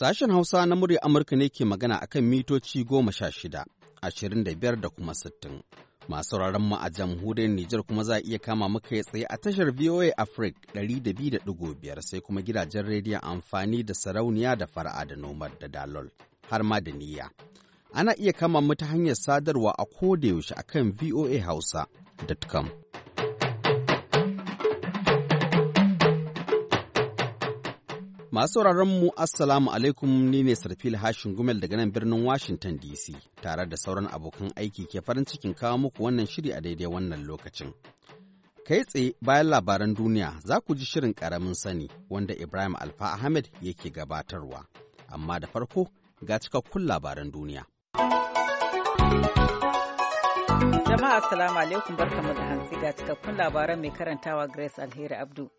Sashen Hausa na murya Amurka ne ke magana akan mitoci goma sha shida, ashirin da biyar da kuma sittin. Masu mu a jamhuriyar Nijar kuma za a iya kama muka ya tsaye a tashar VOA Africa ɗari da biyu da ɗigo biyar sai kuma gidajen rediyon amfani da sarauniya da fara'a da nomad da dalol har ma da niyya. Ana iya kama mu ta hanyar sadarwa a kodayaushe akan Hausa.com. Masu mu Assalamu alaikum ni ne Sarfil Hashin Gumel daga nan birnin Washington DC tare da sauran abokan aiki ke farin cikin kawo muku wannan shiri a daidai wannan lokacin. Kai tsaye bayan labaran duniya za ku ji shirin karamin sani wanda Ibrahim Alfa Ahmed yake gabatarwa, amma da farko ga cikakkun labaran duniya. Jama'a Assalamu alaikum barkamu da hantsi ga cikakkun labaran mai karantawa Grace Alheri Abdu.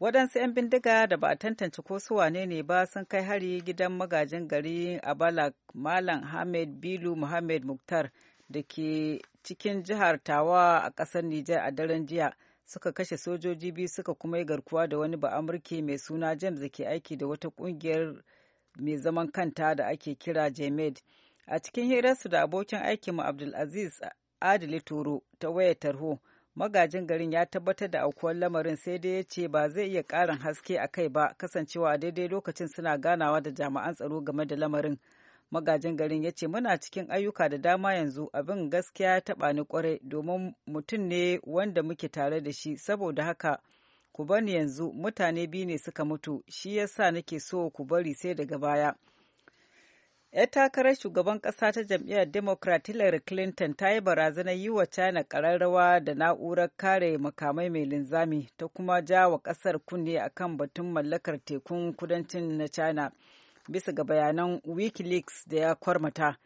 waɗansu 'yan bindiga da ba a tantance ko su wane ne ba sun kai hari gidan magajin gari a balak malam ahmed bilu muhammad muktar da ke cikin jihar tawa a ƙasar nijar a daren jiya suka kashe sojoji biyu suka kuma yi garkuwa da wani ba'amurke mai suna james da ke aiki da wata ƙungiyar mai zaman kanta da ake kira jemed a cikin hirarsu da abokin aikinmu abdulaziz adili toro ta wayar tarho magajin garin ya tabbatar da aukuwar lamarin sai dai ya ce ba zai iya ƙarin haske a kai ba kasancewa a daidai lokacin suna ganawa da jami'an tsaro game da lamarin magajin garin ya ce muna cikin ayyuka da dama yanzu abin gaskiya taɓa ni kwarai domin mutum ne wanda muke tare da shi saboda haka ku bani yanzu mutane biyu ne suka mutu shi yasa nake so ku bari sai daga baya 'yar takarar shugaban kasa ta jam'iyyar democrat hillary clinton ta yi barazanar yi wa china ƙararrawa da na'urar kare makamai mai linzami ta kuma ja wa kasar kunne akan batun mallakar tekun kudancin na china bisa ga bayanan wikileaks da ya kwarmata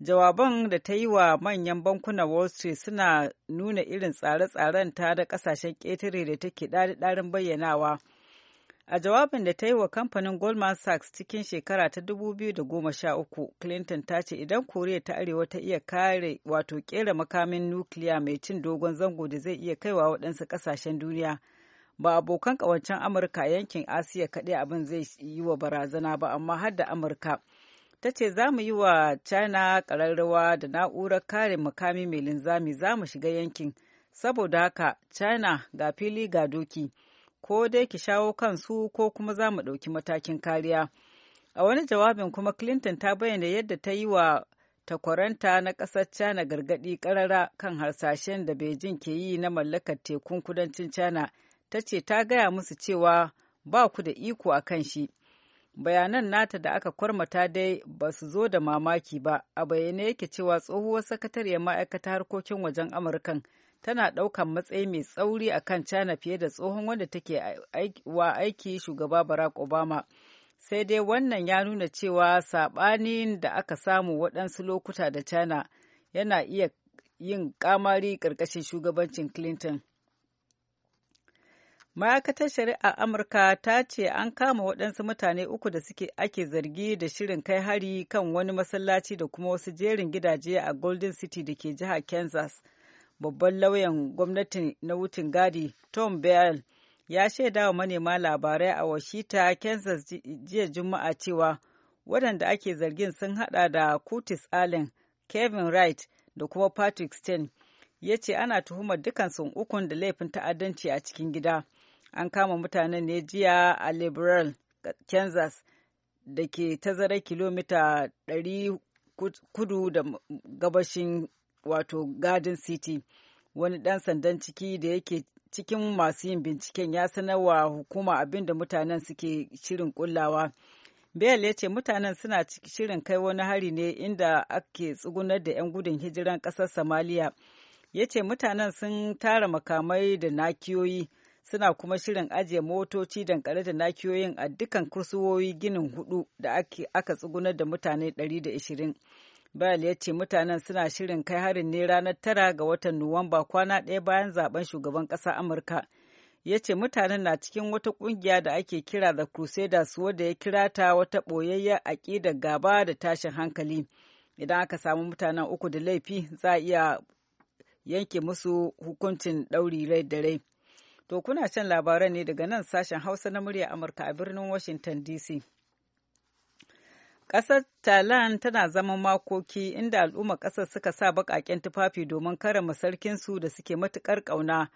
jawaban da ta yi wa manyan bankunan wall street suna nuna irin tsare-tsaren ta da kasashen ƙetare da take ɗari-ɗarin bayyanawa. A jawabin da ta yi wa kamfanin Goldman Sachs cikin shekara ta 2013, Clinton ta ce idan Koriya ta Arewa ta iya kare wato kera makamin nukiliya mai cin dogon zango da zai iya kaiwa waɗansu ƙasashen duniya, ba abokan ƙawancen Amurka yankin Asiya kaɗai abin zai yi wa barazana ba, amma har da Amurka. Ta ce za mu yi wa China ƙararrawa da na'urar kare makami mai linzami za mu shiga yankin, saboda haka China ga fili ga doki. ko dai ki shawo kansu ko kuma za mu ɗauki matakin kariya. A wani jawabin kuma Clinton ta bayyana yadda ta yi wa takwaranta na ƙasar China gargaɗi ƙarara kan harsashen da Beijing ke yi na mallakar tekun kudancin China. Ta ce ta gaya musu cewa ba ku da iko a kan shi. Bayanan nata da aka kwarmata dai ba su zo da mamaki ba, a bayyane yake cewa tsohuwar sakatariyar ma'aikata harkokin wajen Amurkan. tana ɗaukan matsayi mai tsauri a kan China fiye da tsohon wanda take wa aiki shugaba Barack Obama. Sai dai wannan ya nuna cewa saɓanin da aka samu waɗansu lokuta da China yana iya yin ƙamari ƙarƙashin shugabancin Clinton. Ma'aikatar Shari'a Amurka ta ce an kama waɗansu mutane uku da suke ake zargi da shirin kai hari kan wani masallaci da kuma wasu jerin gidaje a Golden City da ke jihar Kansas. babban lauyan gwamnati na wucin gadi tom bell ya shaida wa manema labarai a washita kansas jiya juma'a cewa waɗanda ake zargin sun hada da curtis allen kevin wright da kuma patrick stein ya ce ana tuhumar dukansu ukun da laifin ta'addanci a cikin gida an kama mutanen ne jiya a liberal kansas da ke tazarar kilomita 100 kudu da gabashin wato garden city wani dan sandan ciki da yake cikin masu yin binciken ya sanarwa hukuma abinda da mutanen suke shirin kullawa bel ya ce mutanen suna shirin kai wani hari ne inda ake tsugunar da 'yan gudun hijiran ƙasar samaliya ya ce mutanen sun tara makamai da nakiyoyi suna kuma shirin ajiye motoci dankare da nakiyoyin a dukkan kursuwoyi ginin hudu da aka tsugunar da mutane 120 Bayal ya ce mutanen suna shirin kai harin ne ranar tara ga watan Nuwamba kwana ɗaya bayan zaben shugaban ƙasa Amurka. Ya ce mutanen na cikin wata ƙungiya da ake kira da Crusaders wadda ya kira ta wata ɓoyayyar aƙidar gaba da tashin hankali. Idan aka samu mutanen uku da laifi za a iya yanke musu hukuncin ɗauri rai da rai. To kuna shan labaran ne daga nan sashen Hausa na murya Amurka a birnin Washington DC. Ƙasar Thailand tana zaman makoki inda al'umma ƙasar suka sa baƙaƙen tufafi domin karama sarkinsu da suke matuƙar ƙauna.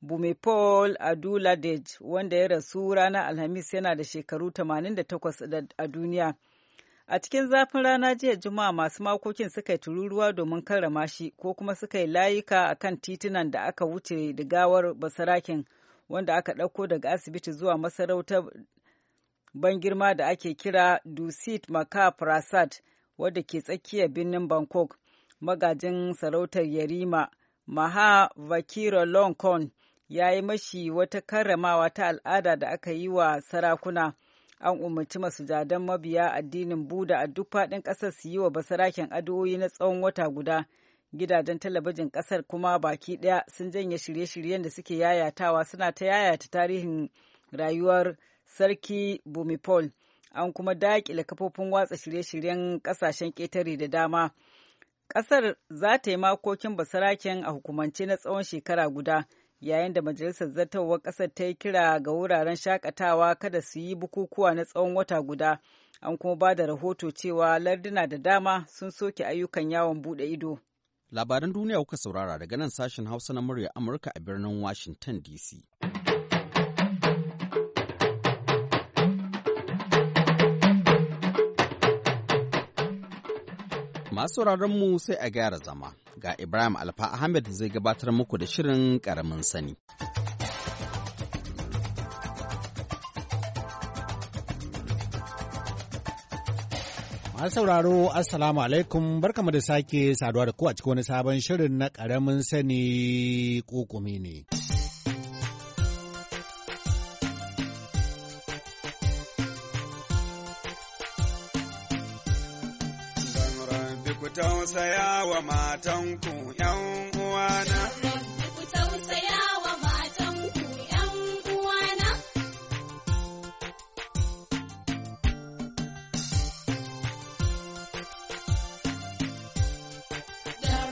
Bumipol Aduladej wanda ya rasu ranar Alhamis yana da shekaru 88 a duniya. A cikin zafin rana jiya Juma'a masu makokin suka yi tururuwa domin karrama shi ko kuma suka yi layuka a kan titunan da aka wuce da gawar basarakin wanda aka ɗauko daga asibiti zuwa masarautar ban girma da ake kira Dusit Maka Prasad wadda ke tsakiyar birnin Bangkok, magajin sarautar Yarima Maha Vakira Longkorn ya yi mashi wata karramawa ta al'ada da aka yi wa sarakuna. An umarci masujadan mabiya addinin Buda a duk faɗin ƙasar su yi wa basaraken addu'o'i na tsawon wata guda. Gidajen talabijin ƙasar kuma baki ɗaya sun janye shirye-shiryen da suke yayatawa suna ta yayata tarihin rayuwar sarki Bumipol, an kuma daƙile kafofin watsa shirye-shiryen ƙasashen ƙetare da dama. Ƙasar za ta yi makokin basaraken a hukumance na tsawon shekara guda, yayin da Majalisar Zartarwar ƙasar ta yi kira ga wuraren shakatawa kada su yi bukukuwa na tsawon wata guda. An kuma ba da rahoto cewa larduna da dama sun soke ayyukan yawon buɗe ido. Labaran duniya kuka saurara daga nan sashen Hausa na murya Amurka a birnin Washington DC. Masu mu sai a gyara zama, ga Ibrahim Alfa Ahmed zai gabatar muku da shirin karamin sani. Masu sauraro, Assalamu alaikum, barkamu da sake saduwa da ku a cikin wani sabon shirin na karamin sani kukumi ne. tausaya wa matanku ’yan uwana. Ku tausaya wa matanku ’yan uwana.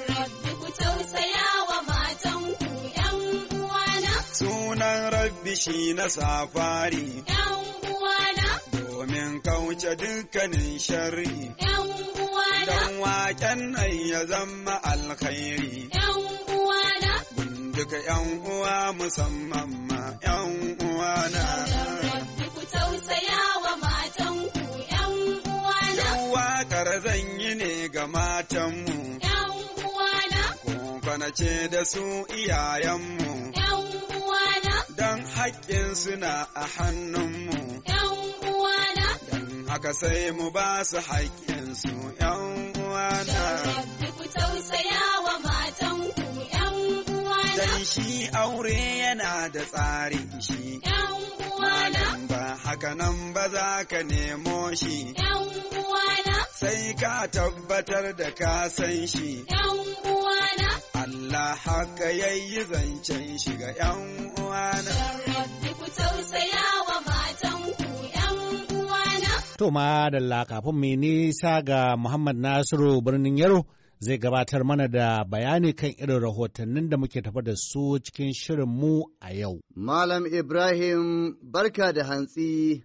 rabbi ku tausaya wa matanku ’yan uwana. Sunan rabbi shi na safari. ’Yan uwana. Domin kauce dukkanin shari'i. ’Yan uwana. dan waken nan ya zama alkhairi. Yan uwana. Gunduka yan uwa musamman ma yan uwana. Ku tausaya wa matan ku yan na. Uwa zan yi ne ga matanmu. Yan na. Ku ce da su iyayenmu. Yan na. Dan haƙƙin suna a hannunmu. Yan haka sai mu ba su haƙƙinsu ‘yan uwana. uwana. Dan shi aure yana da tsari shi. uwana. Ba haka nan ba za ka nemo shi. ‘Yan uwana. Sai ka tabbatar da ka san shi. ‘Yan uwana. Allah haka yayi zancen shiga ‘yan uwana. Rabbi ku To ma da kafin mai nisa ga Muhammad Nasiru birnin Yaro zai gabatar mana da bayani kan irin rahotannin da muke tafa da su cikin shirin mu a yau. Malam Ibrahim barka da hantsi.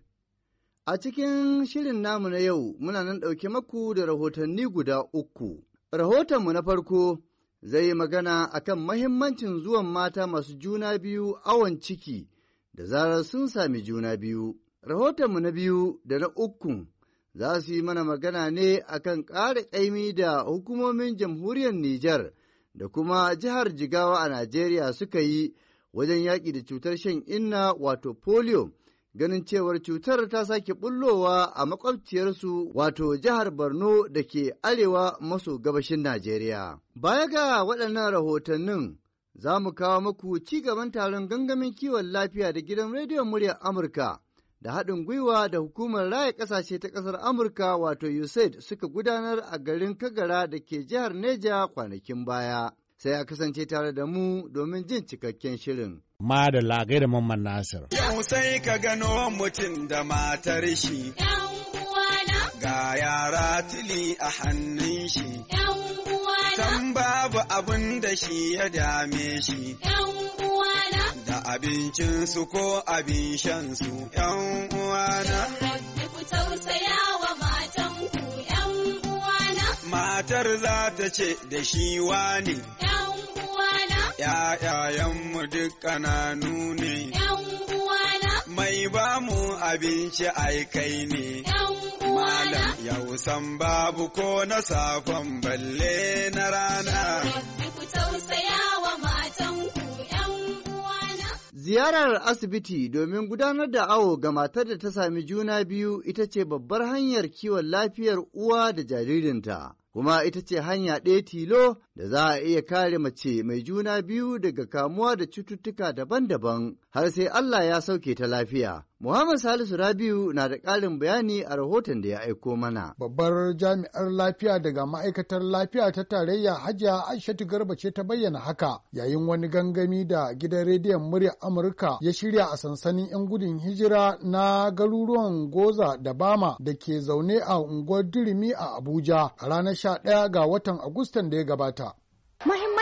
A cikin shirin namu na yau muna nan ɗauke maku da rahotanni guda uku. Rahotonmu na farko zai yi magana a kan mahimmancin zuwan mata masu juna biyu awon ciki da zarar sun sami juna biyu. Rahotonmu na biyu da na uku za su yi mana magana ne akan ƙara ƙaimi da hukumomin jamhuriyar Nijar da kuma jihar Jigawa a Najeriya suka yi wajen yaƙi da cutar shan inna wato polio ganin cewar cutar ta sake bullowa a makwabciyarsu wato jihar Borno da ke arewa maso gabashin Najeriya. Baya ga waɗannan rahotannin za mu kawo muku ci gaban taron gangamin kiwon lafiya da gidan rediyon muryar Amurka. da haɗin gwiwa da hukumar raya ƙasashe ta ƙasar Amurka wato USAID suka gudanar a garin Kagara da ke jihar Neja kwanakin baya. Sai a kasance tare da mu domin jin cikakken shirin. Ma da lagai da Mamman Nasir. Yau sai ka gano mutum da matar shi. Ga yara tili a hannun shi. san babu abin da shi ya dame shi. uwana. Da su ko abin su. ‘yan uwana. ku Matar za ta ce da shi wani. ‘Yan uwana. duk ƙananu ne. ‘Yan uwana. Mai ba mu abinci aikai ne. ‘Yan malam yau san babu ko na safon balle na rana. Ziyarar asibiti domin gudanar da awo ga matar da ta sami juna biyu ita ce babbar hanyar kiwon lafiyar uwa da jaririnta, kuma ita ce hanya ɗaya tilo da za a iya kare mace mai juna biyu daga kamuwa da cututtuka daban-daban. har sai Allah ya sauke ta lafiya. Muhammad Salisu Rabiu na da ƙarin bayani a rahoton da ya aiko mana. Babbar jami'ar lafiya daga ma'aikatar lafiya ta tarayya Hajiya Aishatu Garba ce ta bayyana haka yayin wani gangami da gidan rediyon murya Amurka ya shirya a sansanin 'yan gudun hijira na garuruwan Goza da Bama da ke zaune a unguwar Dirimi a Abuja a ranar 11 ga watan Agustan da ya gabata.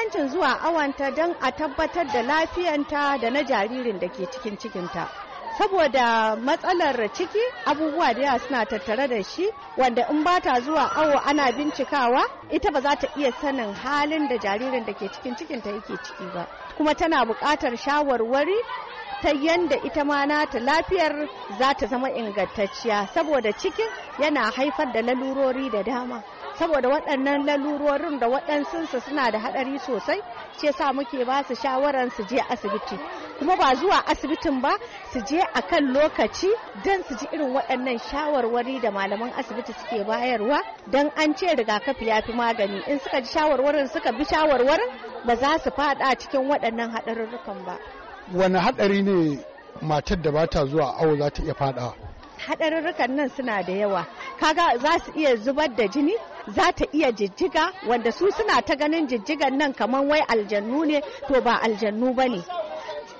muhimmancin zuwa awanta don a tabbatar da lafiyanta da na jaririn da ke cikin cikinta. saboda matsalar ciki abubuwa da yawa suna tattare da shi wanda in ba ta zuwa awo ana bincikawa ita ba za ta iya sanin halin da jaririn da ke cikin cikinta yake ciki ba kuma tana buƙatar shawarwari ta yanda ita ma nata lafiyar za ta zama ingantacciya saboda cikin yana haifar da lalurori da dama saboda waɗannan lalurorin da su suna da haɗari sosai shi sa muke ba su shawaran su je asibiti kuma ba zuwa asibitin ba su je a kan lokaci don su ji irin waɗannan shawarwari da malaman asibiti suke bayarwa don an ce rigakafi ya fi magani in suka ji shawarwarin suka bi shawarwarin ba za su fada cikin waɗannan haɗarurrukan ba wani haɗari ne matar da ba ta zuwa awo za ta iya fada hadarurrukan nan suna da yawa kaga za su iya zubar da jini za ta iya jijjiga wanda su suna ta ganin jijjigan nan kamar wai aljannu ne to ba aljannu ba ne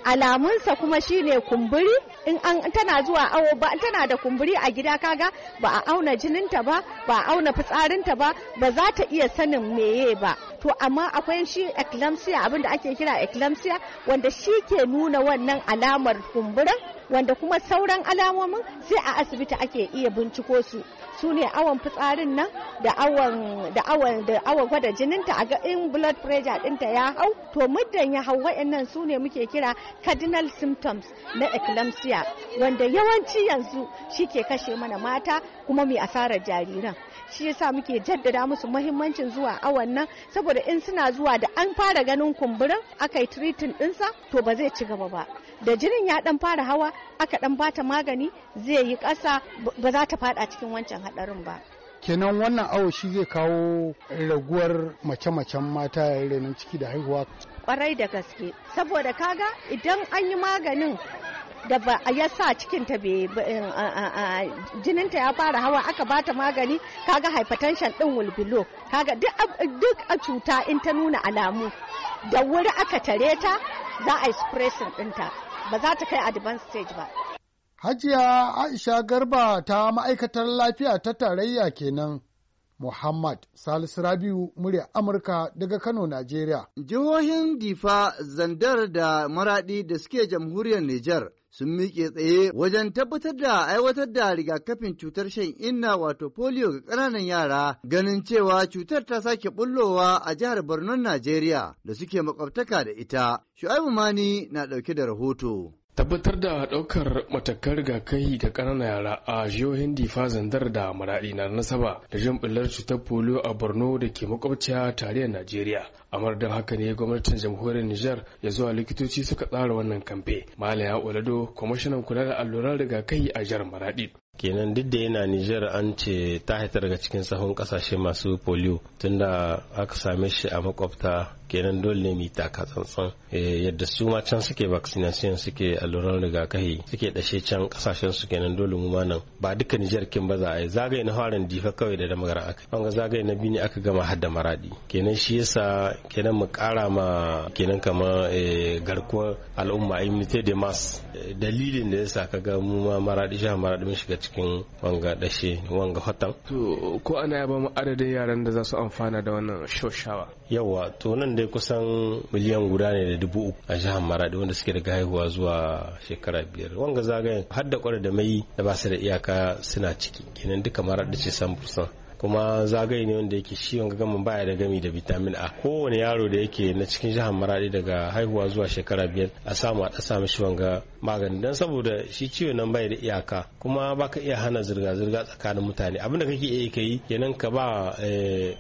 alamunsa kuma shine kumburi in an tana zuwa awo ba tana da kumburi a gida kaga ba a auna jininta ba ba a auna fitsarinta ba ba za ta iya sanin meye ba to amma akwai shi eclampsia abinda ake kira eclampsia wanda shi ke nuna wannan alamar kumburin wanda kuma sauran alamomin sai a asibiti ake iya binciko su su ne awon fitsarin nan da awon da awon da awon gwada jininta a ga in blood pressure dinta ya hau to muddan ya hau wayannan su ne muke kira cardinal symptoms na eclampsia wanda yawanci yanzu shi ke kashe mana mata kuma mai asarar jariran shi yasa muke jaddada musu muhimmancin zuwa awon nan saboda in suna zuwa da an fara ganin kumburin aka yi tiritin dinsa to ba zai ci gaba ba da jirin ya dan fara hawa aka dan bata magani zai yi kasa ba za ta fada cikin wancan hadarin ba kenan wannan awo shi zai kawo raguwar mace-macen mata renin ciki da haihuwa kwarai da gaske saboda kaga idan an yi maganin da ba ya sa cikin ta eh, jinin ta ya fara hawa aka bata magani kaga hypertension din will kaga duk a cuta in ta nuna alamu da wuri aka tare ta za a yi suppressing ɗinta ba za ta kai advanced stage ba Hajiya Aisha Garba ta ma'aikatar lafiya ta tarayya kenan. Muhammad Salisu Rabiu murya Amurka daga Kano, Najeriya. Jihohin Difa, Zandar da Maradi da suke jamhuriyar Nijar sun miƙe tsaye wajen tabbatar da aiwatar da rigakafin cutar shan inna wato polio ga ƙananan yara ganin cewa cutar ta sake bullowa a jihar Borno Najeriya da suke makwabtaka da ita. Shu'aibu Mani na ɗauke da rahoto. tabbatar da daukar matakan rigakafi ga ƙananan yara a jihohin difa zandar da maraɗi na nasaba da jin ɓullar cutar polio a borno da ke makwabciya tarayyar najeriya amar don haka ne gwamnatin jamhuriyar nijar ya zuwa likitoci suka tsara wannan kamfe malaya olado kwamishinan kula da alluran rigakafi a jihar maraɗi kenan duk da yana Nijar an ce ta haita daga cikin sahun kasashe masu polio tunda aka same shi a makwabta kenan dole ne mu taka tsantsan eh, yadda su ma can suke vaccination suke alluran rigakafi suke dashe can kasashen su kenan dole mu ma nan ba duka Nijar kin ba za a yi zagaye na farin difa kawai da damagara aka an ga zagaye na biyu aka gama hadda maradi kenan shi yasa kenan mu kara ma kenan kama eh, garkuwar al'umma immunity de mass eh, dalilin da yasa kaga mu ma maradi sha maradi mun shiga cikin wanga dashe wanga hotan. To ko ana ya bamu adadin yaran da za su amfana da wannan shoshawa. Yawa to nan dai kusan miliyan guda ne da dubu uku a jihar Maradi wanda suke daga haihuwa zuwa shekara biyar. Wanga zagayen har da kwarar da mai da ba su da iyaka suna ciki kenan duka Maradi ce san kuma zagaye ne wanda yake shi wanga gamin baya da gami da vitamin A kowane yaro da yake na cikin jihar Maradi daga haihuwa zuwa shekara biyar a samu a dasa mishi wanga magani dan saboda shi Ciwo nan bai da iyaka kuma baka iya hana zirga zirga tsakanin mutane abin da kake iya kai kenan ka ba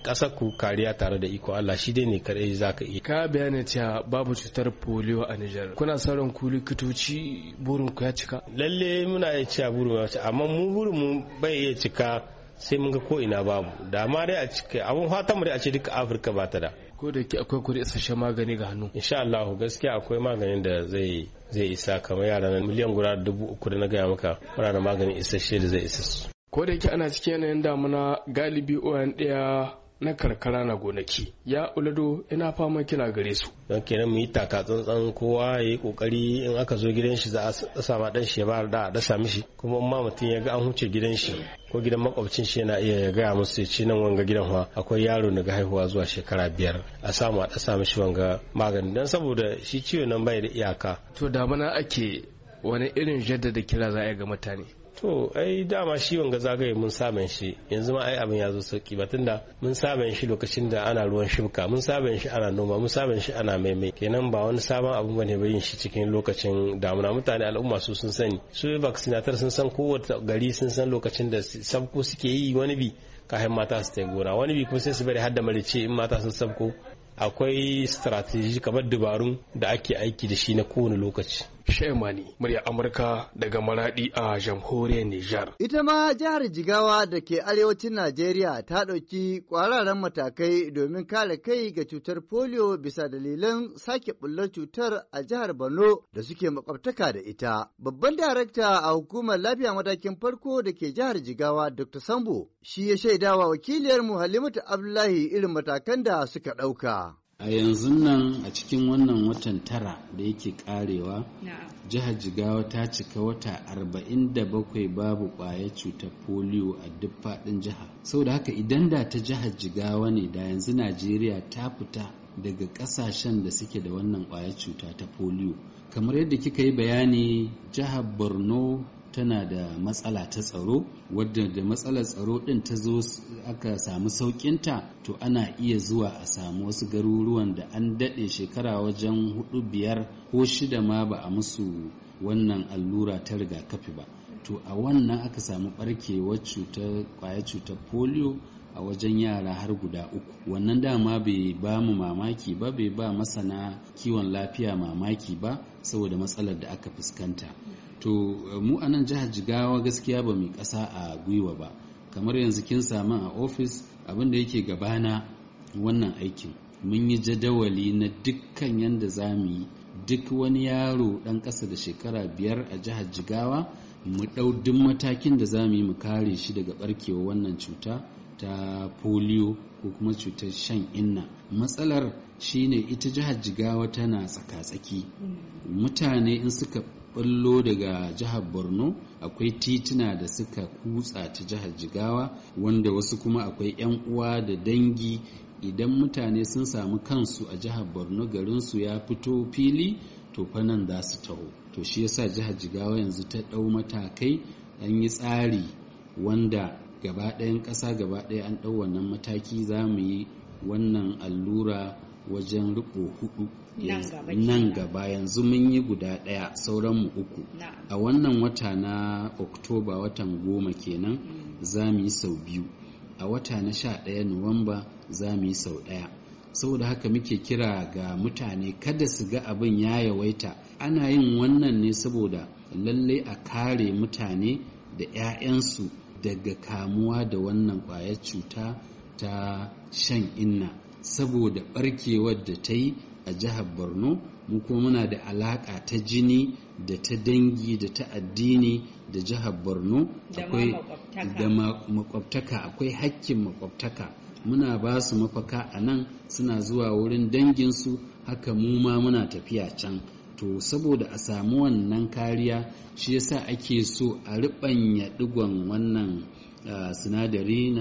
kasar eh, ku kariya tare da iko Allah shi dai ne kadai zaka iya ka bayyana cewa babu cutar polio a Nijar kuna sauran ku likitoci burin ku ya cika lalle muna iya cewa burin ya cika amma mu burin mu bai iya cika sai mun ga ko ina babu da ma dai a cika abun fatan mu dai a ce duka afirka ba ta da ko da ke akwai kuri isasshen magani ga hannu insha Allah gaskiya akwai maganin da zai zai isa kamar yara na miliyan guda dubu uku da na gaya maka muna da maganin isasshe da zai isa ko da ke ana cikin yanayin damuna galibi oyan ɗaya na karkara na gonaki ya ulado ina fama kira gare su don kenan mu yi taka tsantsan kowa ya yi kokari in aka zo gidan shi za a sama dan shi ba da dasa mishi kuma ma mutum ya ga an huce gidan shi ko gidan makwabcin shi yana iya gaya musu ya ce nan wanga gidan wa akwai yaro na ga haihuwa zuwa shekara biyar a samu a dasa mishi wanga magani don saboda shi ciwo nan bai da iyaka to da bana ake wani irin jaddada kira za a ga mutane to ai dama shi wanga zagaye mun saban shi yanzu ma ai abin ya zo sauki ba tunda mun saban shi lokacin da ana ruwan shuka mun saban shi ana noma mun saban shi ana maimai kenan ba wani sabon abu bane ba yin shi cikin lokacin damuna mutane al'umma su sun sani su vaccinator sun san kowace gari sun san lokacin da sabko suke yi wani bi kayan mata su ta gona wani bi kuma sai su bari har da marice in mata sun sabko akwai strategy kamar dabarun da ake aiki da shi na kowane lokaci Shemani, murya Amurka daga Maradi a jamhuriyar Nijar. Ita ma jihar Jigawa da ke arewacin Najeriya ta ɗauki kwararren matakai domin kare kai ga cutar polio bisa dalilan sake bullar cutar a jihar Borno da suke makwabtaka da ita. Babban darakta a hukumar lafiya matakin farko da ke jihar Jigawa Dr. Sambo shi ya shaidawa wakiliyarmu Halimatu Abdullahi irin matakan da suka ɗauka. a yanzu nan a cikin wannan watan tara da yake karewa jihar jigawa ta cika wata 47 babu kwaya cutar polio a duk faɗin jiha saboda haka idan da ta jihar jigawa ne da yanzu najeriya ta fita daga ƙasashen da suke da wannan kwaya cuta ta polio kamar yadda kika yi bayani jihar borno tana da matsala ta tsaro wadda da matsalar tsaro din ta zo aka samu saukinta to ana iya zuwa a samu wasu garuruwan da an daɗe shekara wajen hudu biyar ko shida ma ba a musu wannan allura ta rigakafi ba to a wannan aka samu ɓarkewar cutar kwaya cutar polio a wajen yara har guda uku wannan dama bai ba mu mamaki ba bai ba masana kiwon lafiya mamaki ba saboda matsalar da aka fuskanta to mu a nan jihar jigawa gaskiya ba mu ƙasa a gwiwa ba kamar yanzu kin samu a ofis abinda yake gabana wannan aikin mun yi jadawali na dukkan yadda za mu yi duk wani yaro ɗan ƙasa da shekara biyar a jihar jigawa mu ɗau duk matakin da za mu yi mu kare shi daga ɓarkewa wannan cuta ta polio ko kuma cutar shan inna matsalar shine ita jihar jigawa tana tsaka-tsaki mutane in suka ballo daga jihar borno akwai tituna da suka kutsa ta jihar jigawa wanda wasu kuma akwai 'yan uwa da dangi idan mutane sun samu kansu a jihar borno garinsu ya fito fili to fa za su taho to shi yasa jihar jigawa yanzu ta ɗau matakai an yi tsari wanda gaba ɗayan ƙasa gaba ɗaya an ɗau wannan mataki za mu yi wannan allura wajen riko hudu nan gaba yanzu mun yi guda daya sauran mu uku a wannan wata na oktoba watan goma kenan mm. za mu yi sau biyu a wata na sha daya nuwamba za mu yi sau daya saboda haka muke kira ga mutane kada su ga abin ya yawaita ana yin wannan ne saboda lallai a kare mutane da 'ya'yansu daga kamuwa da wannan kwayar cuta ta shan inna saboda barkewar da ta yi a jihar borno mu kuma muna da alaƙa ta jini da ta dangi da ta addini da jihar borno akwai da makwabtaka akwai hakkin makwabtaka muna ba su mafaka a nan suna zuwa wurin danginsu haka mu ma muna tafiya can to saboda a samu wannan kariya shi yasa ake so a riɓanya digon wannan ah, sinadari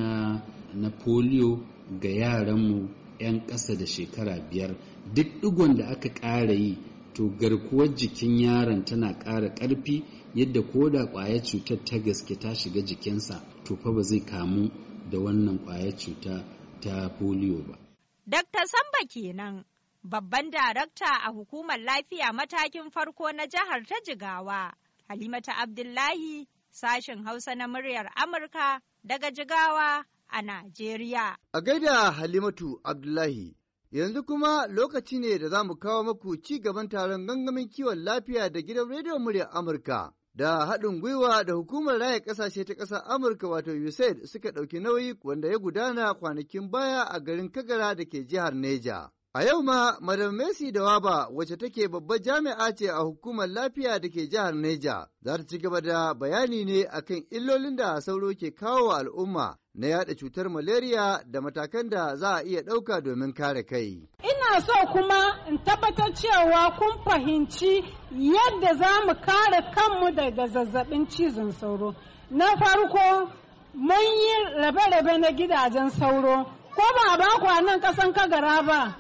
na polio ga yaranmu 'yan ƙasa da shekara biyar duk ɗigon da aka ƙara yi to garkuwar jikin yaron tana ƙara ƙarfi yadda ko da ƙwaya cutar ta gaske ta shiga jikinsa to fa ba zai kamu da wannan ƙwaya cuta ta polio ba. Dakta Samba kenan babban darakta a hukumar lafiya matakin farko na jihar ta Jigawa, Halimata Abdullahi, sashen Hausa na muryar Amurka daga Jigawa a Najeriya. A gaida Halimatu Abdullahi, yanzu kuma lokaci ne da za mu kawo maku ci gaban taron gangamin kiwon lafiya da gidan rediyon muryar Amurka. da haɗin gwiwa da hukumar raya ƙasashe ta ƙasar Amurka wato USAID suka ɗauki nauyi wanda ya gudana kwanakin baya a garin Kagara da ke jihar Neja. A yau ma, Madam Messi da Waba, wacce take babbar jami'a ce a hukumar lafiya da ke jihar Neja, za ta ci gaba da bayani ne akan illolin da sauro ke kawo wa al'umma na yada cutar malaria da matakan da za a iya ɗauka domin kare kai. Ina so kuma in tabbatar cewa kun fahimci yadda za mu kare kanmu daga zazzabin cizon sauro. Na farko, mun yi rabe-rabe na gidajen sauro, ko ba ba kwanan kasan kagara ba.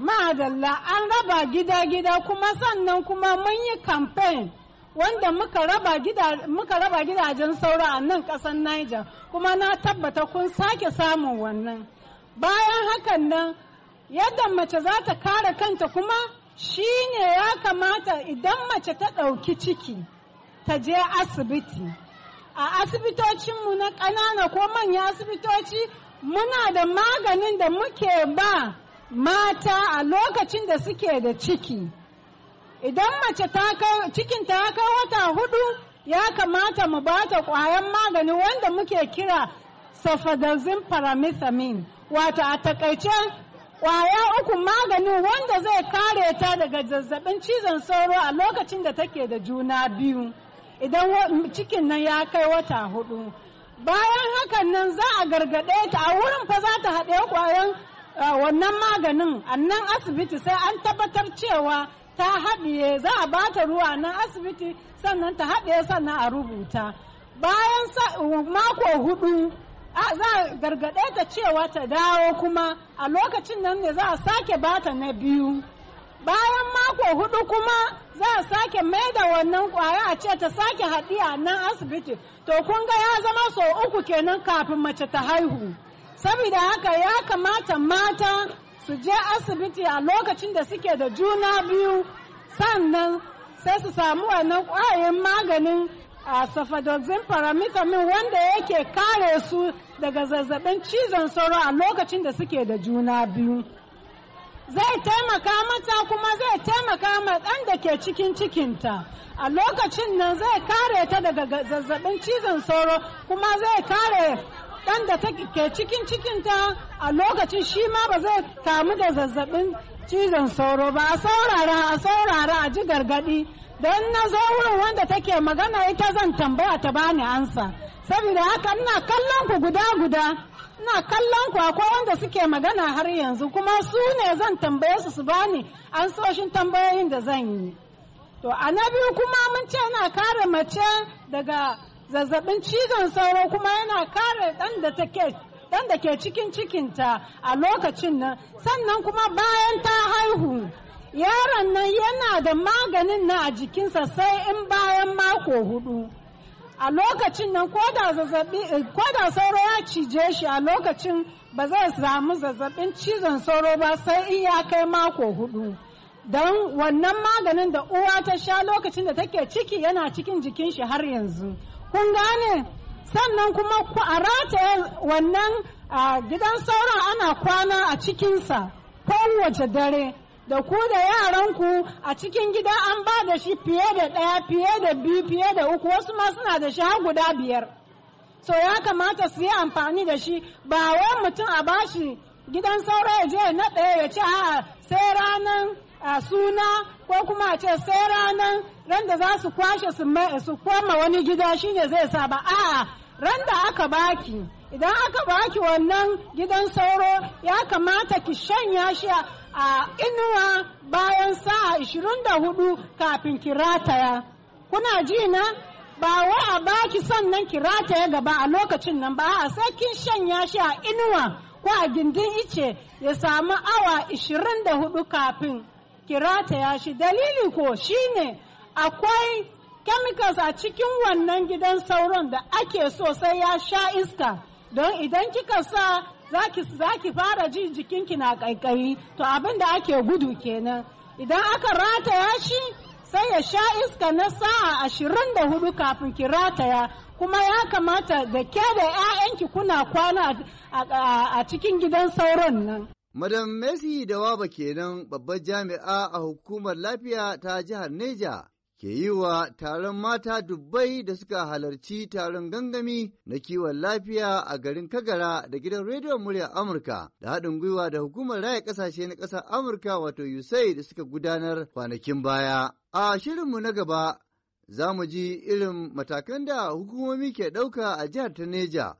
ma'adalla an raba gida-gida kuma sannan kuma mun yi campaign wanda muka raba gidajen saura a nan ƙasar Niger kuma na tabbata kun sake samun wannan. Bayan hakan nan yadda mace za ta kare kanta kuma shi ne ya kamata idan mace ta ɗauki ciki ta je asibiti. A asibitocinmu na ƙanana ko manya asibitoci muna da maganin da muke ba mata a lokacin da suke da ciki idan mace cikin ta kai wata hudu ya kamata mu ba ta kwayan magani wanda muke kira safadazin paramethazine wato a takaice kwaya uku magani wanda zai kare ta daga zazzabin cizon sauro a lokacin da take da juna biyu idan cikin nan ya kai wata hudu bayan hakan nan za a gargaɗe ta a wurin fa za ta haɗe kwayan. Ah, wannan maganin a nan asibiti sai an tabbatar cewa ta haɗiye za a bata ruwa nan asibiti sannan ta haɗiye sannan a rubuta bayan mako hudu za a gargaɗe ta cewa ta dawo kuma a lokacin nan ne za a sake bata na biyu bayan mako hudu kuma za a sake mai da wannan kwaya a ce ta sake haɗiya nan asibiti to kun ga ya zama sau uku kenan kafin mace ta haihu saboda haka ya kamata mata su je asibiti a lokacin da suke da juna biyu sannan sai su samu wannan kwayoyin maganin a safadozin paramitamin wanda yake kare su daga zazzabin cizon sauro a lokacin da suke da juna biyu zai taimaka mata kuma zai taimaka ma ɗan da ke cikin cikinta a lokacin nan zai kare ta daga zazzabin cizon sauro kuma zai kare ɗan da ke cikin cikinta a lokacin shi ma ba zai kamu da zazzabin cizon sauro ba a saurara a saurara a ji gargaɗi don na zo wurin wanda take magana ita zan tambaya ta bani ansa saboda haka ina kallon ku guda guda ina kallon ku akwai wanda suke magana har yanzu kuma su ne zan tambaye su su bani ansoshin tambayoyin da zan yi to a na biyu kuma mun ce na kare mace daga zazzabin cizon sauro kuma yana kare ɗan da take dan da ke cikin cikinta a lokacin nan sannan kuma bayan ta haihu yaron nan yana da maganin na a jikinsa sai in bayan mako hudu a lokacin nan ko da sauro ya cije shi a lokacin ba zai samu zazzabin cizon sauro ba sai in ya kai mako hudu don wannan maganin da uwa ta sha lokacin da take ciki yana cikin jikin shi har yanzu kun gane sannan kuma ku a rataye wannan a gidan sauran ana kwana a cikinsa kowace dare da ku da yaranku a cikin gida an ba da shi fiye da ɗaya fiye da biyu fiye da uku wasu ma suna da shi har guda biyar so ya kamata su yi amfani da shi ba wai mutum a bashi gidan sauran ya je na ɗaya ya ce a sai ranar a suna ko kuma a ce sai ranar ran da za su kwashe su koma wani gida shine zai sa ba a'a ran da aka baki idan aka baki wannan gidan sauro ya kamata ki shanya shi a inuwa bayan sa'a 24 kafin ki rataya kuna ji na ba wa a baki sannan ki rataya gaba a lokacin nan ba a sai kin shanya shi a inuwa ko a gindin ice ya samu awa 24 kafin ki rataya shi dalili ko shine akwai chemicals a cikin wannan gidan sauron da ake so sai ya sha iska don idan kika sa za ki fara ji jikinki na kaikayi to abin da ake gudu kenan idan aka rataya shi sai ya sha iska na sa'a ashirin da hudu kafin ki rataya kuma ya kamata da ke da 'ya'yanki kuna kwana a cikin gidan sauron nan Madam Messi da Waba kenan babbar jami'a a hukumar lafiya ta jihar Neja ke yi wa taron mata dubbai da suka halarci taron gangami na kiwon lafiya a garin Kagara da gidan rediyon murya Amurka da haɗin gwiwa da hukumar raya ƙasashe na ƙasar Amurka wato USAID da suka gudanar kwanakin baya. A shirinmu na gaba za mu ji irin matakan da hukumomi ke ɗauka a jihar ta Neja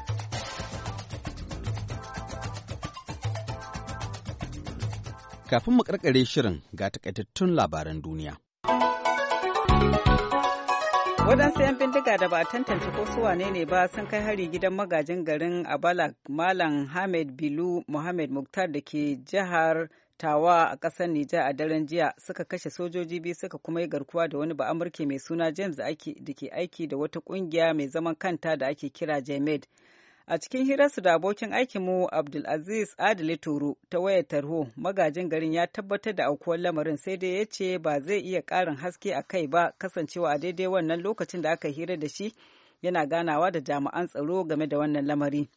Kafin mu karkare shirin ga takaitattun labaran duniya. Waɗansu 'yan bindiga da ba a tantance ko su wane ne ba sun kai hari gidan magajin garin Abalak Malam Hamed Bilu Mohammed mukhtar da ke jihar Tawa a ƙasar Nija a daren jiya suka kashe sojoji biyu suka kuma yi garkuwa da wani ba'amurke mai suna James da ke aiki da wata ƙungiya mai zaman kanta da ake kira Jamed. A cikin hirarsu da abokin aikinmu Abdulaziz adali Toro ta wayar tarho magajin garin ya tabbatar da aukuwar lamarin sai dai ya ce ba zai iya ƙarin haske a kai ba kasancewa a daidai wannan lokacin da aka hira da shi yana ganawa da jami'an tsaro game da wannan lamari.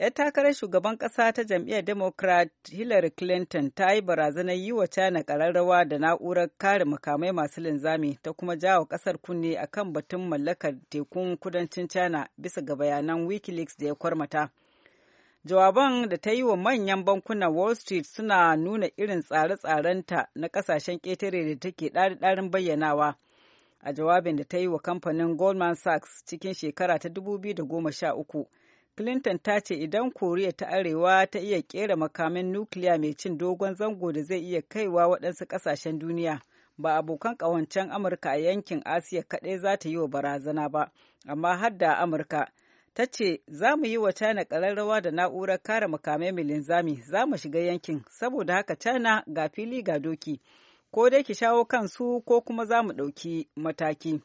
'Yar takarar shugaban ƙasa ta jam'iyyar Democrat Hillary Clinton ta yi barazanar yi wa China ƙararrawa da na'urar kare makamai masu linzami ta kuma jawo ƙasar kunne a kan batun mallakar tekun kudancin China bisa ga bayanan Wikileaks da ya kwarmata. Jawaban da ta yi wa manyan bankunan Wall Street suna nuna irin tsare-tsarenta na ƙasashen ƙetare da take ɗari-ɗarin bayyanawa. A jawabin da ta yi wa kamfanin Goldman Sachs cikin shekara ta 2013. Clinton ta ce idan Koriya ta Arewa ta iya kera makamin nukiliya mai cin dogon zango da zai iya kaiwa waɗansu ƙasashen duniya, ba abokan ƙawancen Amurka a yankin Asiya kaɗai za ta yi wa barazana ba, amma har da Amurka. Ta ce za mu yi wa China ƙararrawa da na'urar kare makamai mai linzami za mu shiga yankin, saboda haka China ga fili ga doki, ko dai ki shawo kansu ko kuma za mu ɗauki mataki.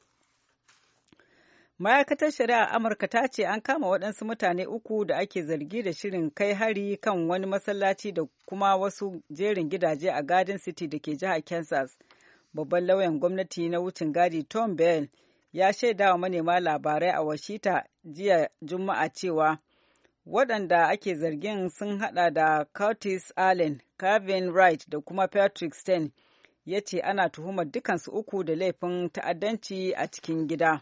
ma'aikatar shari'a amurka ta ce an kama waɗansu mutane uku da ake zargi da shirin kai hari kan wani masallaci da kuma wasu jerin gidaje a garden city da ke jihar kansas babban lauyan gwamnati na wucin gadi tom bell ya shaida wa manema labarai a washita jiya juma'a cewa waɗanda ake zargin sun haɗa da curtis allen calvin wright da kuma patrick stein ya ce ana tuhumar dukansu uku da laifin ta'addanci a cikin gida.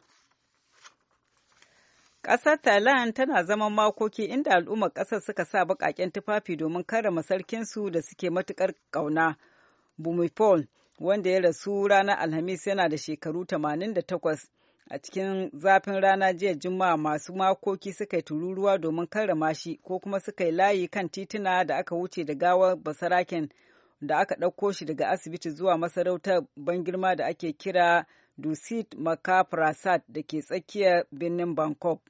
Ƙasar Thailand tana zaman makoki inda al'ummar ƙasar suka sa baƙaƙen tufafi domin karrama sarkinsu da suke matuƙar ƙauna. Bumipol, wanda ya rasu ranar Alhamis yana da shekaru 88 a cikin zafin rana jiya Juma'a masu makoki suka yi tururuwa domin karrama shi ko kuma suka yi layi kan tituna da aka wuce da gawar basaraken da aka ɗauko shi daga asibiti zuwa masarautar ban girma da ake kira dusit maka prasad da ke tsakiyar birnin bangkok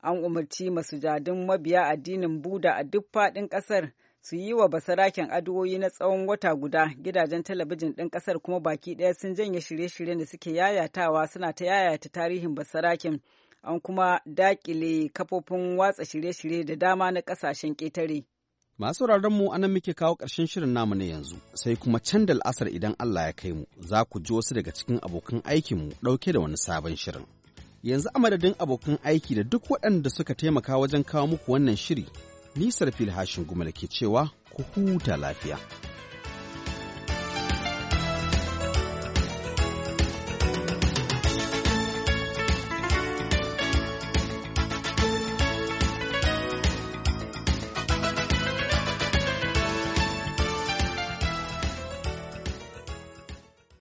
an umarci masujadin mabiya addinin buda a duk faɗin ƙasar su yi wa basaraken addu'o'i na tsawon wata guda gidajen talabijin ɗin ƙasar kuma baki ɗaya sun janye shirye-shiryen da suke yayatawa suna ta yayata tarihin basarakin an kuma daƙile kafofin watsa shirye-shirye da dama na ƙasashen ƙetare. Masu mu anan muke kawo ƙarshen shirin namu na yanzu, sai kuma can da al'asar idan Allah ya kai mu, za ku ji wasu daga cikin abokan aikinmu ɗauke da wani sabon shirin. Yanzu a madadin abokan aiki da duk waɗanda suka taimaka wajen kawo muku wannan shiri, Nisar Filhashin Gumala ke cewa ku huta lafiya.